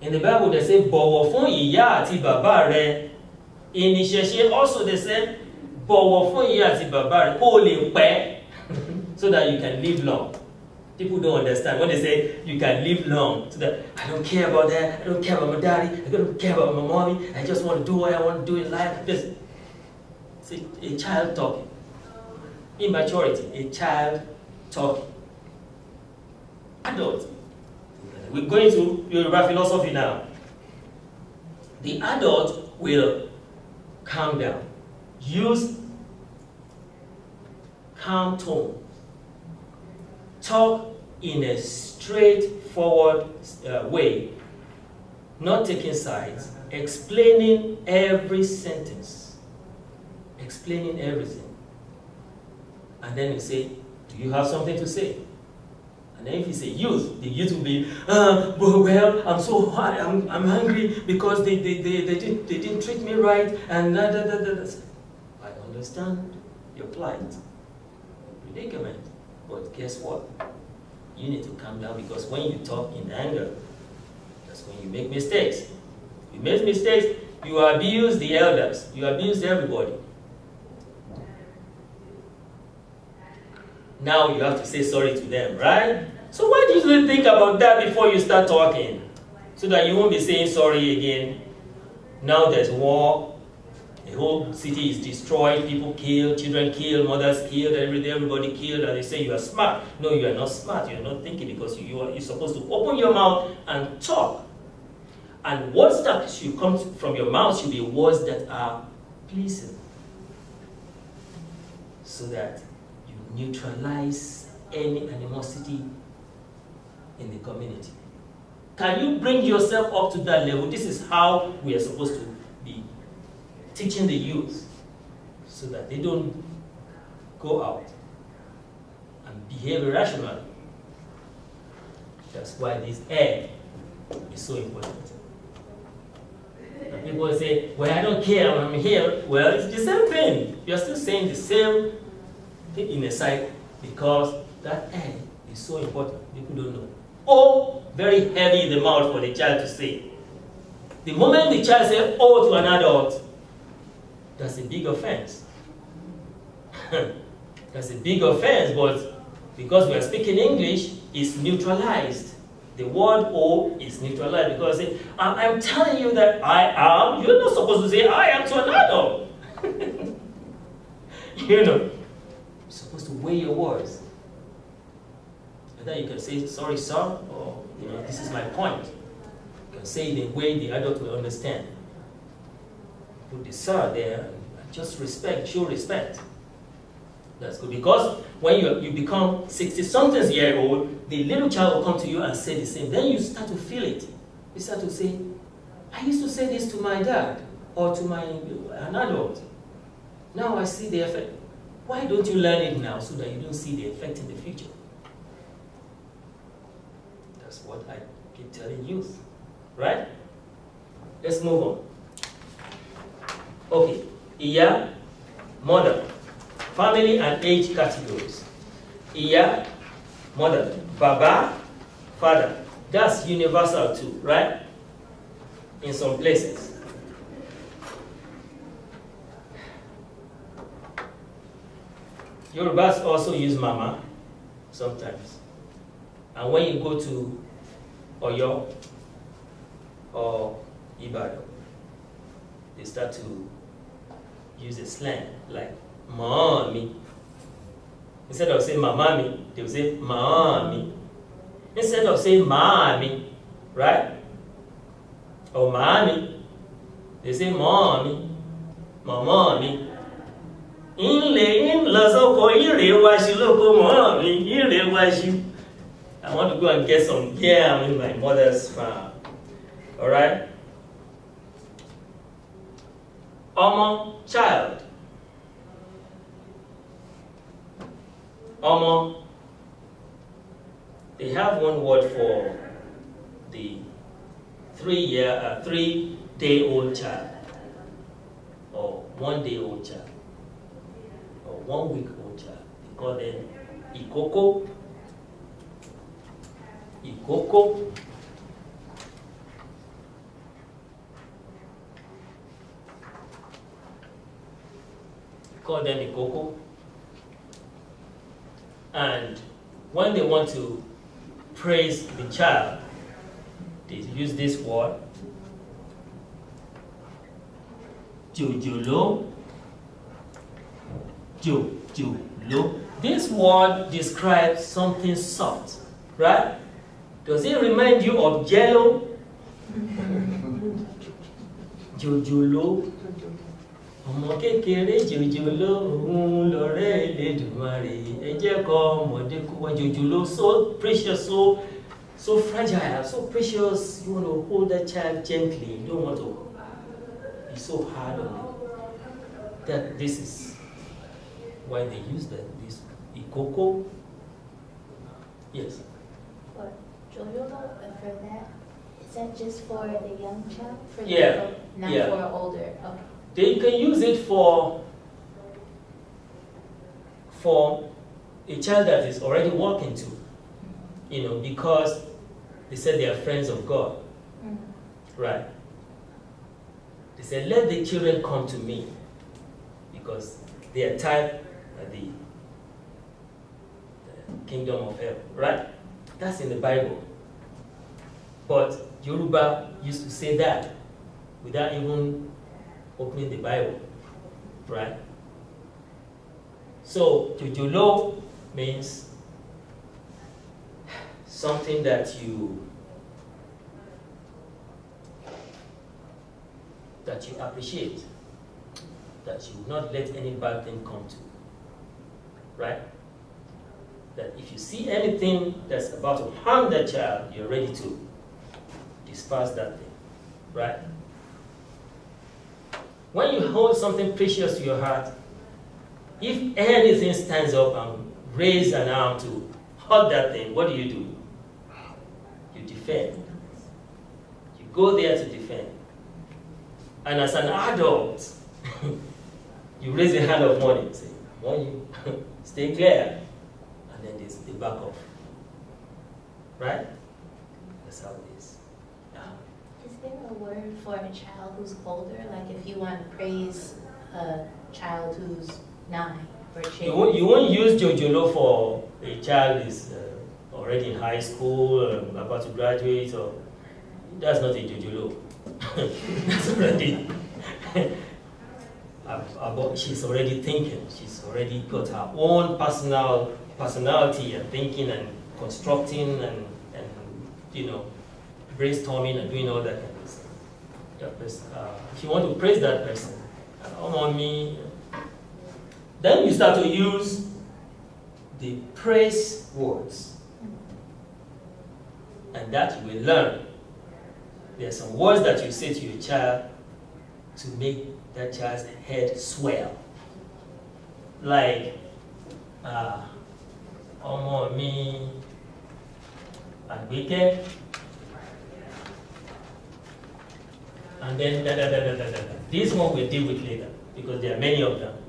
In the Bible, they say, bọ̀wọ̀ fún ìyá àti bàbá rẹ. In Ìṣẹ̀ṣe, also they say, bọ̀wọ̀ fún ìyá àti bàbá rẹ kó lè pẹ́ so that you can live long. People don't understand when they say you can live long. So that I don't care about that. I don't care about my daddy. I don't care about my mommy. I just want to do what I want to do in life. Just it's a, a child talking. Immaturity, a child talking. Adults we're going to Yoruba philosophy now. The adult will calm down. Use calm tone. Talk in a straightforward uh, way, not taking sides, explaining every sentence, explaining everything. And then you say, Do you have something to say? And if it's a youth, the youth will be, uh, well, I'm so hot, I'm, I'm hungry because they, they, they, they, didn't, they didn't treat me right, and da, da, da, da. I understand your plight, predicament, but guess what? You need to calm down because when you talk in anger, that's when you make mistakes. You make mistakes, you abuse the elders, you abuse everybody. Now you have to say sorry to them, right? So why do you think about that before you start talking? So that you won't be saying sorry again. Now there's war. The whole city is destroyed. People killed, children killed, mothers killed, everybody killed. And they say you are smart. No, you are not smart. You are not thinking because you are, you're supposed to open your mouth and talk. And words that should come from your mouth should be words that are pleasing. So that neutralize any animosity in the community. Can you bring yourself up to that level? This is how we are supposed to be teaching the youth so that they don't go out and behave irrationally. That's why this air is so important. And people say, well, I don't care, I'm here. Well, it's the same thing. You're still saying the same in a side because that end is so important. People don't know. Oh, very heavy in the mouth for the child to say. The moment the child says oh to an adult, that's a big offense. that's a big offense, but because we are speaking English, it's neutralized. The word oh is neutralized because I'm telling you that I am. You're not supposed to say I am to an adult. you know weigh your words. and then you can say, sorry, sir, or you know, this is my point. You can say the way the adult will understand. Put the sir there, just respect, show respect. That's good. Because when you, you become 60 something year old, the little child will come to you and say the same. Then you start to feel it. You start to say, I used to say this to my dad or to my uh, an adult. Now I see the effect. Why don't you learn it now so that you don't see the effect in the future? That's what I keep telling you, right? Let's move on. Okay, year, mother, family and age categories. Year, mother, baba, father. That's universal too, right? In some places. Yorubas also use mama sometimes. And when you go to Oyo or Ibadan, they start to use a slang like mommy. Instead of saying mamami, they will say mommy. Instead of saying mommy, right? Or mommy, they say mommy, mommy. 因 in I want to go and get some yam in my mother's farm. Alright? Omo child. Omo. They have one word for the three year uh, three day old child or one day old child one week old child. They call them Ikoko, Ikoko, call them Ikoko. And when they want to praise the child, they use this word, Jojolo. Joe, Joe, lo. This word describes something soft, right? Does it remind you of jello? Jòjòló. Ọmọ kékeré jòjòló òun lọ̀rẹ́ Elédùmarè. Ẹ jẹ́ kọ́ ọmọdé kó wá jòjòló so precious so so fragile so precious you want to hold that child gently you don't want to be so hard on it. That this is why they use that, this Ikoko. Uh, yes? What? Joyobo for that? Is that just for the young child? For yeah. not yeah. for older. Okay. They can use it for for a child that is already walking to, mm-hmm. you know, because they said they are friends of God. Mm -hmm. Right. They said, let the children come to me because they are tired the, the kingdom of heaven, right? That's in the Bible. But Yoruba used to say that without even opening the Bible, right? So, jojolo means something that you that you appreciate, that you will not let any bad thing come to right? That if you see anything that's about to harm that child, you're ready to disperse that thing, right? When you hold something precious to your heart, if anything stands up and raises an arm to hurt that thing, what do you do? You defend. You go there to defend. And as an adult, you raise a hand of warning, say, no, you stay clear. And then there's the back off. Right? That's how it is. Yeah. Is there a word for a child who's older? Like if you want to praise a child who's nine or a You won't, you won't use Jojolo for a child who's uh, already in high school, um, about to graduate, or that's not a Jojolo. that's did about, she's already thinking. She's already got her own personal personality and thinking and constructing and, and you know, brainstorming and doing all that kind of stuff. That person, uh, if you want to praise that person, on me, then you start to use the praise words. And that you will learn. There are some words that you say to your child to make that child's head swell. Like, uh, me and àgbékẹ́ and then da da da da da da. This one we deal with later because there are many of them.